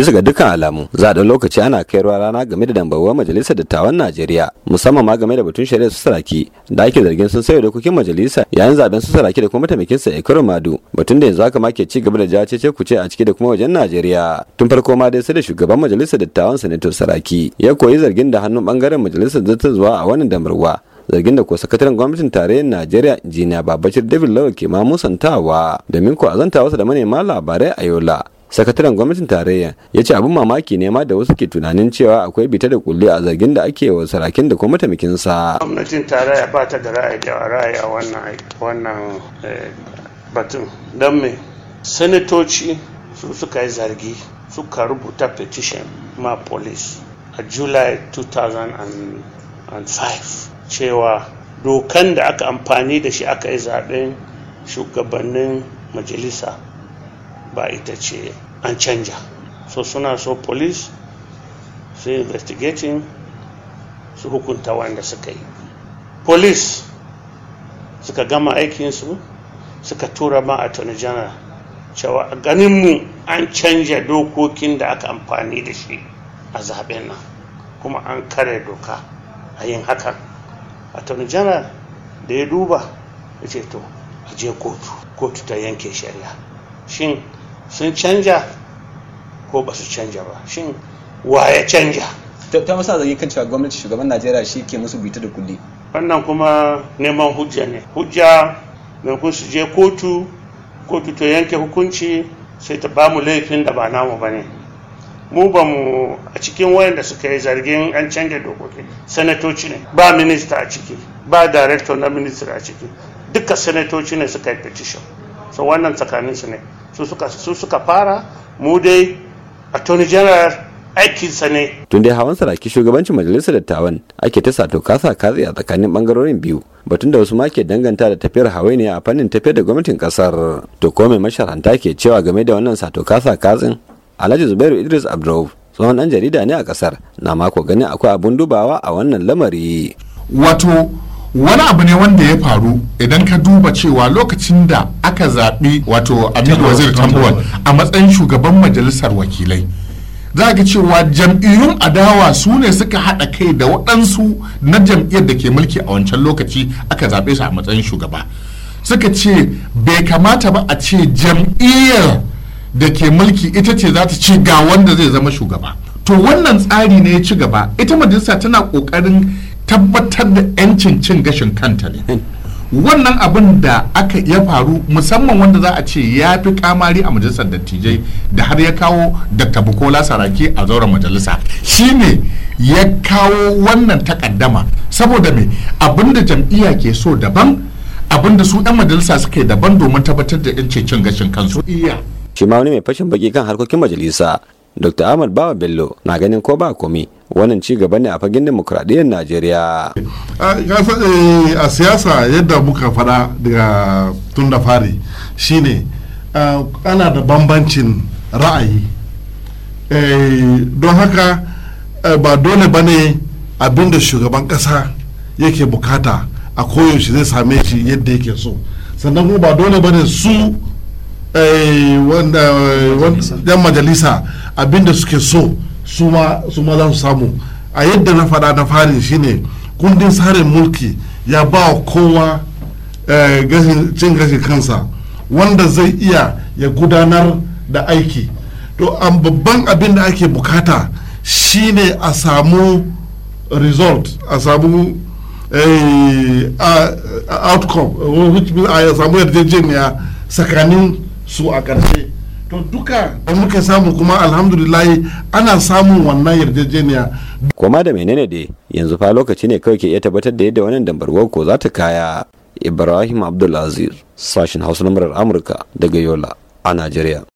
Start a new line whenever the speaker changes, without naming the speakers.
bisa ga dukkan alamu za a lokaci ana ruwa rana game da dambarwar majalisar dattawan najeriya musamman ma game da batun shari'ar saraki da ake zargin sun sayo dokokin majalisa yayin zaben su saraki da kuma mataimakinsa ikoro madu batun da yanzu haka ma ke ci gaba da jace ce kuce a ciki da kuma wajen najeriya tun farko ma dai sai da shugaban majalisar dattawan sanato saraki ya koyi zargin da hannun bangaren majalisar zuwa a wannan dambarwa zargin da ko sakataren gwamnatin tarayyar najeriya injiniya babacir david lawal ke ma musantawa domin ko azanta wasu da manema labarai a yola sakataren gwamnatin tarayya ya ce abin mamaki ne ma da wasu ke tunanin cewa akwai bita da kulli a zargin da ake wa sarakin da kuma mataimakinsa
gwamnatin tarayya ba ta da ra'ayi da ra'ayi a wannan eh, batun don me sanatoci su suka yi zargi suka rubuta petition ma police a july 2005 cewa dokan da aka amfani da shi aka yi zaɓen shugabannin majalisa ba ita ce an canja so suna so police su investigating su hukunta wanda suka yi police suka gama aikinsu suka tura ma attorney general cewa a ganinmu an canja dokokin da aka amfani da shi a zaben nan kuma an kare doka a yin hakan attorney general da ya duba ya ce to a je kotu kotu ta yanke shari'a shin sun canja ko ba su canja ba shin wa ya canja ta musa zargi kan cewa gwamnati shugaban najeriya shi ke musu bita da kulle. wannan kuma neman hujja ne hujja mai kun su je kotu kotu ta yanke hukunci sai ta ba mu laifin da ba namu ba ne mu ba mu a cikin wayanda suka yi zargin an canja dokoki sanatoci ne ba minista a ciki ba director na minista a ciki duka sanatoci ne suka yi petition so wannan tsakaninsu ne su suka fara mu dai attorney general aikinsa ne
tun dai hawan saraki shugabancin majalisar dattawan ake ta sato kasa katse a tsakanin bangarorin biyu batun da wasu ma ke danganta da tafiyar ne a fannin tafiyar da gwamnatin kasar to ko mai masharanta ke cewa game da wannan sato kasa katsin alhaji zubairu idris abdurrauf tsohon dan jarida ne a kasar na mako ganin akwai abun dubawa a wannan lamari
wato wani abu ne wanda ya faru idan ka duba cewa lokacin da aka zaɓi wato aminu wazir tambuwal a matsayin shugaban majalisar wakilai za ga cewa jam'iyyun adawa su ne suka haɗa kai da waɗansu na jam'iyyar da ke mulki a wancan lokaci aka zaɓe su a matsayin shugaba suka ce bai kamata ba a ce jam'iyyar da ke mulki ita ce za ta ce ga wanda zai zama shugaba to wannan tsari ne ya ci gaba ita majalisa tana ƙoƙarin tabbatar da 'yancin cin gashin kanta ne hmm. wannan abin da aka ya faru musamman wanda za a ce ya fi kamari a majalisar dattijai da har ya kawo dr bukola saraki a zauren majalisa shi ne ya kawo wannan takaddama saboda me da jam'iyya ke so daban da su 'yan majalisa suke daban domin tabbatar da 'yancin cin gashin kansu
iya shi wani mai fashin baki kan harkokin majalisa dr ahmad bawa bello na ganin ko ba komi wannan ci gaba ne a fagen demokuraɗiyyar najeriya
a siyasa yadda muka faɗa daga tun da fari shine ana da bambancin ra'ayi eh, don haka eh, ba dole ba ne abinda shugaban ƙasa yake bukata a koyaushe zai same shi yadda yake so sannan kuma ba dole ba ne su eh, yan majalisa abinda suke so su ma za su samu a yadda na fada na fari shine kundin tsarin mulki ya ba kowa eh, cin gashi kansa wanda zai iya ya gudanar da aiki to an babban abin da ake bukata shine a samu result a samu eh, outcome a samu yarjejeniya tsakanin su a ƙarshe to duka da muka samu kuma alhamdulillahi ana samun wannan yarjejeniya
koma da menene dai yanzu fa lokaci ne kawai ke iya tabbatar da yadda wannan dambarwar ko za ta kaya ibrahim abdulaziz sashen hausa na murar amurka daga yola a najeriya